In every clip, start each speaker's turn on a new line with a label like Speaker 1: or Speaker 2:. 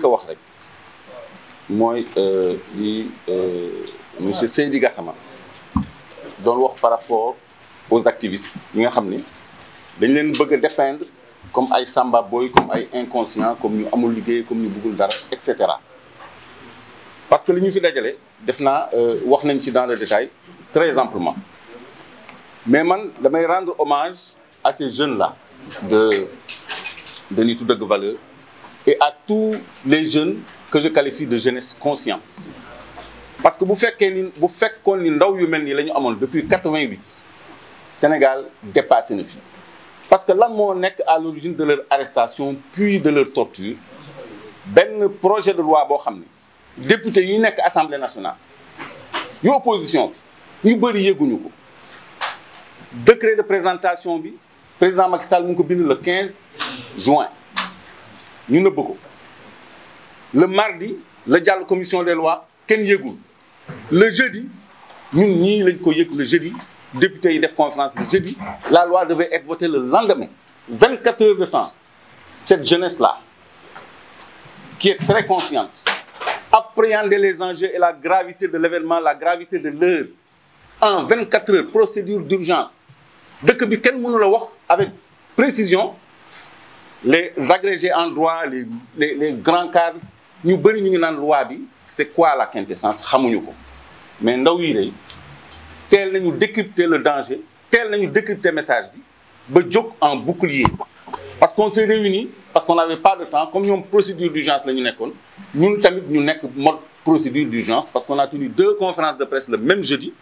Speaker 1: njëkk wax rek mooy euh, li euh, monsieur Seydi Gassama doon wax par rapport aux activistes yi nga xam ni dañ leen bëgg a comme ay samba boy comme ay inconscient comme ñu amul liggéey comme ñu bëggul dara et cetera parce que li ñu fi dajale def naa euh, wax nañ ci dans le détail très amplement mais man damay rendre hommage à ces jeunes la de de Nitu Dëgg Valeur à tous les jeunes que je qualifie de jeunesse consciente parce que bu fekkee ni bu fekkoon ni ndaw yu mel nii la ñu amoon depuis 88 Sénégal dépassé na fi parce que lan moo nekk à l'origine de leur arrestation puis de leur torture benn projet de loi boo xam ne député yu nekk assemblée nationale yu opposition bi ñu bëri yëguñu ko décret de présentation bi président Macky Sall mu ko bind le 15 juin ñu nëbb ko le mardi la jàll commission des loi kenn yëgul le jeudi ñun ñii lañ ko yëg le jeudi député yi def conférence le jeudi la loi devait être votée le lendemain vingt quatre heures de temps cette jeunesse là qui est très consciente appréhender les enjeux et la gravité de l'événement la gravité de l'heure en vingt quatre heures procédure d'urgence dëkk bi kenn mënu la wax avec précision les agrégés en droit les les les grands cadres ñu bëri ñu ngi naan loi bi c'est quoi la quintessence xamuñu ko mais ndaw yi rey teel nañu décrypter le danger teel nañu décrypter message bi ba jóg en bouclier parce qu'on s'est réunis parce qu'on n'avait pas de temps comme ñoom procédure d'urgence la ñu nekkoon ñun tamit ñu nekk mode procédure d'urgence parce qu'on a tenu deux conférences de presse le même jeudi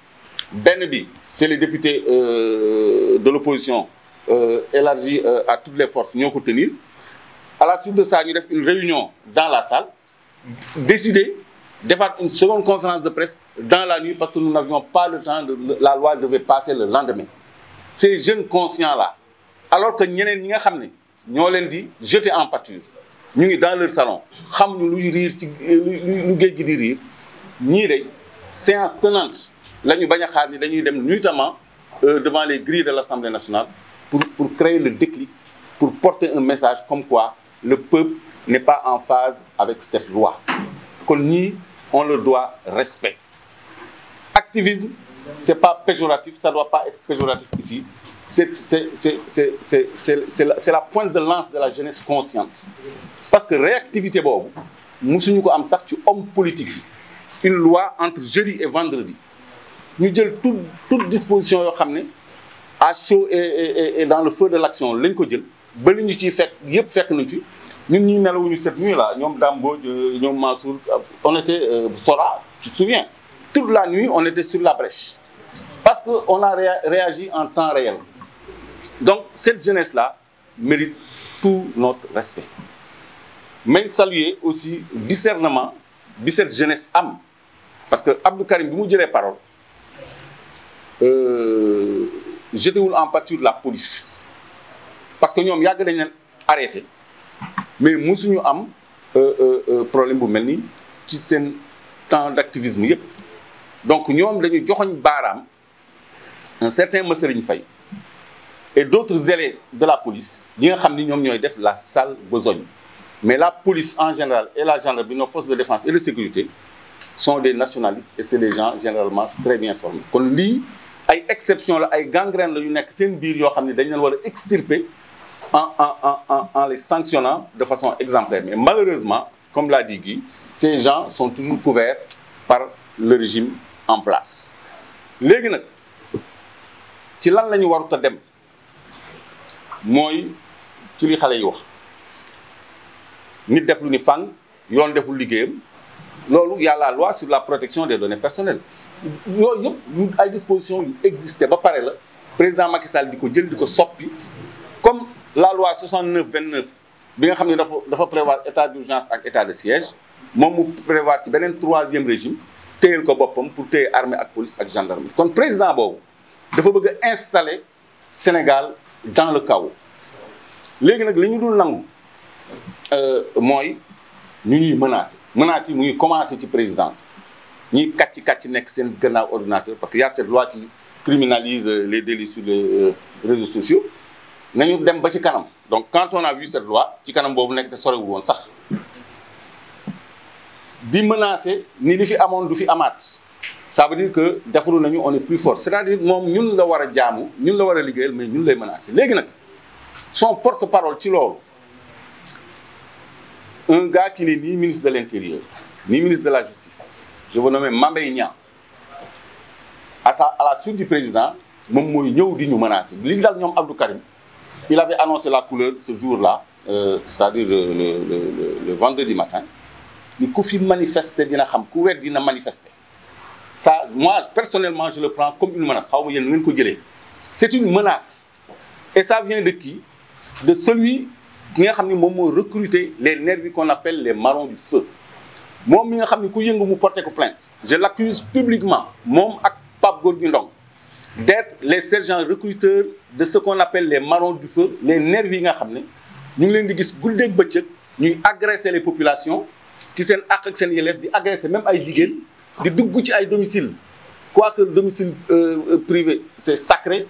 Speaker 1: benn bi c'est les députés euh, de l'opposition Euh, élargie euh, à toutes les forces ñoo ko tenir à la suite de ça ñu def une réunion dans la salle décider defaat une seconde conférence de presse dans la nuit parce que nous n'avions pas le temps la loi devait passer le lendemain ces jeunes conscients là alors que ñeneen ñi nga xam ne ñoo leen di jeter en pâture ñu ngi dans leur salon xam ñu riir ci lu géej gi di riir ñii de séance tenante la ñu bañ a xaar ni dañuy dem nuitamment euh, devant les grilles de l'Assemblée nationale pour, pour créer le déclic, pour porter un message comme quoi le peuple n'est pas en phase avec cette loi. Kon ñii on leur doit respect. Activisme, c'est pas péjoratif, ça doit pas être péjoratif ici. C'est c'est c'est c'est c'est c'est la, c'est la pointe de lance de la jeunesse consciente. Parce que réactivité boobu musuñu ko am sax ci homme politique bi. Une loi entre jeudi et vendredi. ñu jël tout toute disposition yoo xam ne à chaud et et dans le feu de l'action lañ ko jël ba li ñu ciy fekk yëpp fekk nañ ci ñun ñu nelawuñu cette nuit la ñoom Dame Mbodj ñoom Mansour on était euh, Sora tu toute la nuit on était sur la brèche parce que on a réagi en temps réel donc cette jeunesse là mérite tout notre respect mais saluer aussi discernement bi cette jeunesse am parce que Abdou Karim bi mu jëlee parole euh, jetewul en pâture la police parce que ñoom yàgg nañ leen arrêté mais mosuñu am euh, euh, euh, problème bu mel ni ci seen temps d'activisme yépp donc ñoom dañu joxoñ baaraam un certain Serigne fay et d'autres élèves de la police ñi nga xam ni ñoom ñooy def la sale besogne mais la police en général et la gendarmerie nos forces de défense et de sécurité sont des nationalistes et c'est des gens généralement très bien formés kon lii ay exception la ay gangrène la yu nekk seen biir yoo xam ne dañ leen war a extirper en en en en en les sanctionnant de façon exemplaire mais malheureusement comme l'a dit gi ces gens sont toujours couverts par le régime en place léegi nag ci lan la ñu warut dem mooy ci li xale yi wax nit def lu ni fang yoon deful liggéeyam loolu y a la loi sur la protection des données personnelles yooyu yëpp ay dispositions yu existé ba pare la président Macky Sall di ko jël di ko soppi comme la loi vingt 29 bi nga xam ne dafa dafa prévoir état d'urgence ak état de siège moom mu prévoir ci beneen troisième régime téyel ko boppam pour téye armée ak police ak gendarmerie kon président boobu dafa bëgg installé Sénégal dans le chaos léegi nag li ñu dul nangu euh, mooy ñu ñuy menacer menaces yi mu ngi commencé ci président ñiy kàcc kàcc nekk seen gannaaw ordinateur parce que y a cette loi qui criminalise les délits sur les euh, réseaux sociaux nañu dem ba ci kanam donc quand on a vu cette loi ci kanam boobu nekk te sorewul woon sax di menacer ni li fi amoon du fi amaat ça veut dire que defaru nañu on est plus fort c'est-à-dire moom ñun la war a jaamu ñun la war a liggéeyal mais ñun lay menacer léegi nag son porte-parole ci loolu un gars qui n'est ni ministre de l'intérieur ni ministre de la je vous nomme Mambey Niang à sa à la suite du président moom mooy ñëw di ñu menacer li ñu dal ñoom Abdou Karim il avait annoncé la couleur ce jour-là euh, c'est-à-dire euh, le le le le vendredi matin ni ku fi manifester dina xam ku wet dina manifester ça moi personnellement je le prends comme une menace xaw ma yéen ngeen ko jëlee c'est une menace et ça vient de qui de celui ki nga xam ni moom moo recruter les nervis qu'on appelle les marrons du feu moom mi nga xam ne ku yëngu mu porté ko plainte je l'accuse publiquement moom ak Pape Gorgui Ndong d'être les sergents recruteurs de ce qu'on appelle les marrons du feu les nervis yi nga xam ne ñu ngi leen di gis guddeeg bëccëg ñuy agresser les populations ci seen àq ak seen yelleef di agresser même ay jigéen di dugg ci ay domicile quoique domicile euh, euh, privé c'est sacré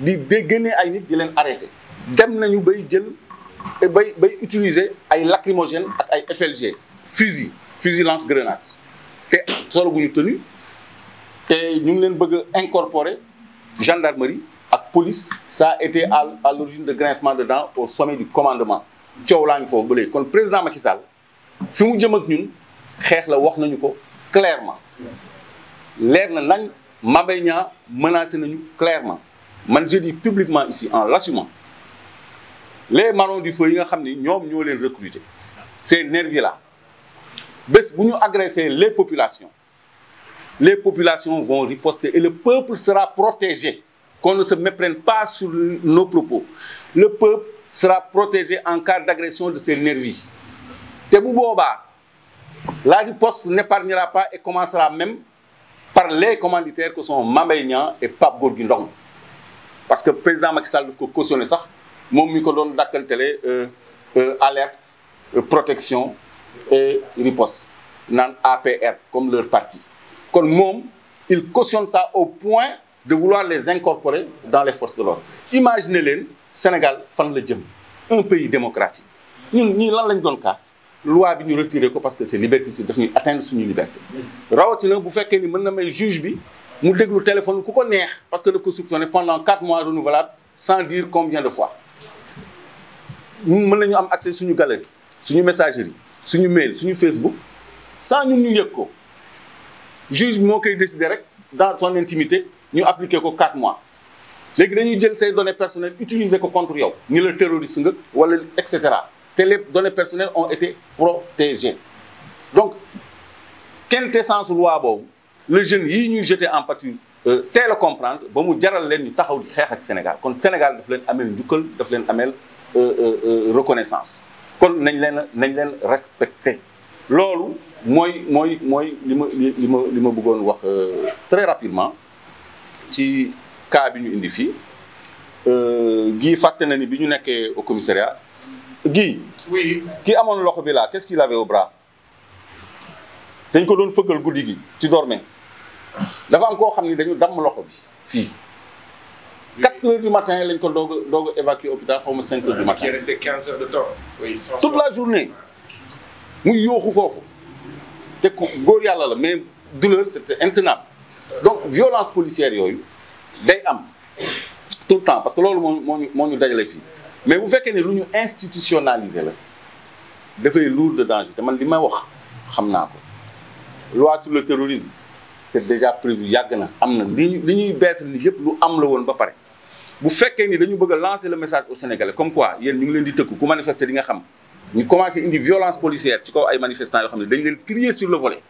Speaker 1: di déggënee ay nit di leen arrêter dem nañu bay jël bay bay utiliser ay lacrymogènes ak ay FLG fusil fusil lance grenade te solo gu ñu tenue te ñu ngi leen bëgg a incorporer gendarmerie ak police sa a été à à l'origine de grincement de dents au sommet du commandement coow laa foofu ba léegi kon président Macky Sall fi mu jëm ak ñun xeex la wax nañu ko clairement leer na nañ Mbaye Niang menacé nañu clairement man je dis publiquement ici en l'assumant les marrons du feu yi nga xam ni ñoom ñoo leen recruter ces nervis là bes bu ñu agresser les populations les populations vont riposter et le peuple sera protégé qu'on ne se méprenne pas sur nos propos le peuple sera protégé en cas d'agression de ces nervis te bu boobaa la riposte n'épargnera pas et commencera même par les commanditaires que sont Mame Mbaye et Pape Gorgui parce que président Macky Sall daf ko cautionné sax moom mi ko doon dakkantelee euh, euh, alerte euh, protection riposte naan APR comme leur parti kon moom il cautionne ça au point de vouloir les incorporer dans les forces de l'ordre imaginez leen Sénégal fan la jëm un pays démocratique ñun ñii lan lañ doon kaas loi bi ñu retiré ko parce que c'est liberticide daf ñu atteindre suñu liberté rawatina bu fekkee ni mën na may juge bi mu déglu téléphone ku ko neex parce que daf ko soupçonné pendant quatre mois renouvelable sans dire combien de fois mën nañu am accès suñu galerie suñu messagerie suñu mail suñu Facebook sans ñun ñu yëg ko juge moo koy décider rek dans son intimité ñu appliquer ko quatre mois léegi dañuy jël say données personnelles utiliser ko contre yow ni la terroriste nga wala et cetera te les données personnelles ont été protégées donc quintessence loi boobu le jeune yii ñuy jeter en pâture euh, teel a comprendre ba mu jaral leen ñu taxaw di xeex ak Sénégal kon Sénégal daf leen ameel njukkal daf leen ameel euh, euh, reconnaissance kon nañ leen nañ leen respecte loolu mooy mooy mooy li ma li ma li ma bëggoon wax euh, très rapidement ci cas bi ñu indi fii euh, gii fàtte na ni bi ñu nekkee au commissariat gii oui kii amoon loxo bi laa qu'est-ce qu'il avait au bras dañ ko doon fëggal guddi gi ci dormé dafa am koo xam ni dañu damm loxo bi fii 4 heures du matin lañ ko doog a doog a évacuer hôpital xaw ma 5 heures du matin. il est resté la journée muy yooxu foofu te ku góor yàlla la mais douleur c'était intenable donc violence policière yooyu day am tout le temps parce que loolu moo moo ñu moo ñu dajale fii mais bu fekkee ne lu ñu institutionnaliser la dafay lourd de danger te man li may wax xam naa ko loi sur le terrorisme c'est déjà prévu yàgg na am na li ñuy li ñuy bees li yëpp lu am la woon ba pare. bu fekkee ni dañu bëgg a lancer message aux Sénégalais comme quoi yéen ñu ngi leen di tëkku ku manifester di nga xam ñu commencé indi violence policière ci kaw ay manifestants yoo xam ne dañu leen crier sur le volet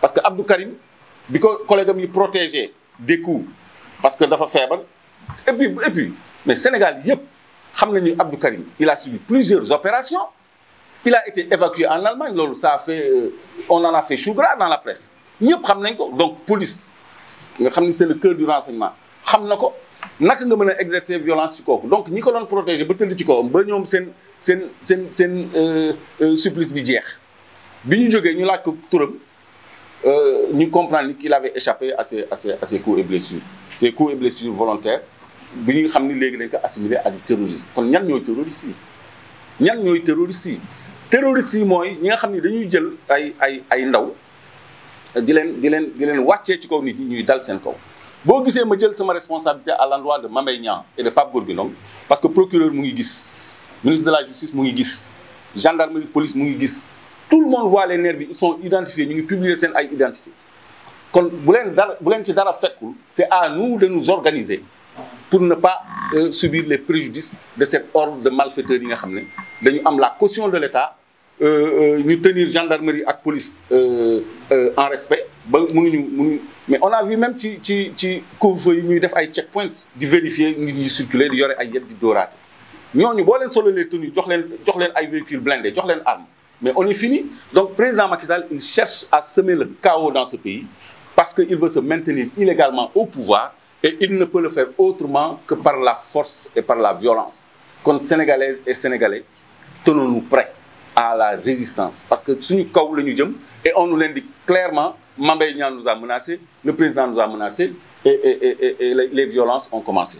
Speaker 1: parce que Abdou Karim bi ko collègue am yi protégé des coups parce que dafa feebal et puis et puis mais Sénégal yëpp xam nañu Abdou Karim il a subi plusieurs opérations il a été évacué en Allemagne loolu ça fait euh, on en a fait chou gras dans ñëpp xam nañ ko donc police nga xam ni c'est le cœur xam na ko naka nga mën a exercer violence ci kooku donc ñi ko doon protéger ba tëdd ci koom ba ñoom seen seen seen seen euh, euh, supplice bi jeex bi ñu jógee ñu laaj ko turam euh, ñu comprendre ni qu'il avait échappé à ses à ses à ses coups et blessures ses coups et blessures volontaires bi ñu xam ni léegi dañ assimiler assimilé ak terrorisme kon ñan ñooy terroristes yi ñan ñooy terroristes yi terroristes yi mooy ñi nga xam ni dañuy jël ay ay ay ndaw di leen di leen di leen wàccee ci kow nit ñi ñuy dal seen kaw boo gisee ma jël sama responsabilité à l'endroit de Mame Mbaye Niang et de Pape Gorgui Ndong parce que procureur mu ngi gis ministre de la justice mu ngi gis gendarmerie police mu ngi gis tout le monde voit les nervis ils sont identifiés ñu ngi publier seen ay identité kon bu leen dara bu leen ci dara fekkul c'est à nous de nous organiser pour ne pas euh, subir les préjudices de cet ordre de malfaiteurs yi nga xam ne dañu am la caution de l'État ñu euh, euh, tenir gendarmerie ak police euh, euh, en respect ba mënuñu mënuñu mais on a vu même ci ci ci couvre yi ñuy def ay checkpoint di vérifier nit ñi circuler di yore ay yëpp di dóoraate ñooñu boo leen solo les tenues jox leen jox ay véhicules blindés jox leen arme mais on est fini donc président Macky Sall il cherche à semer le chaos dans ce pays parce que il veut se maintenir illégalement au pouvoir et il ne peut le faire autrement que par la force et par la violence kon sénégalaises et sénégalais tenons-nous prêts à la résistance parce que suñu kaw la ñu jëm et on nous l'indique Mambay Niang nous a menacés, le président nous a menacés et, et, et, et les violences ont commencé.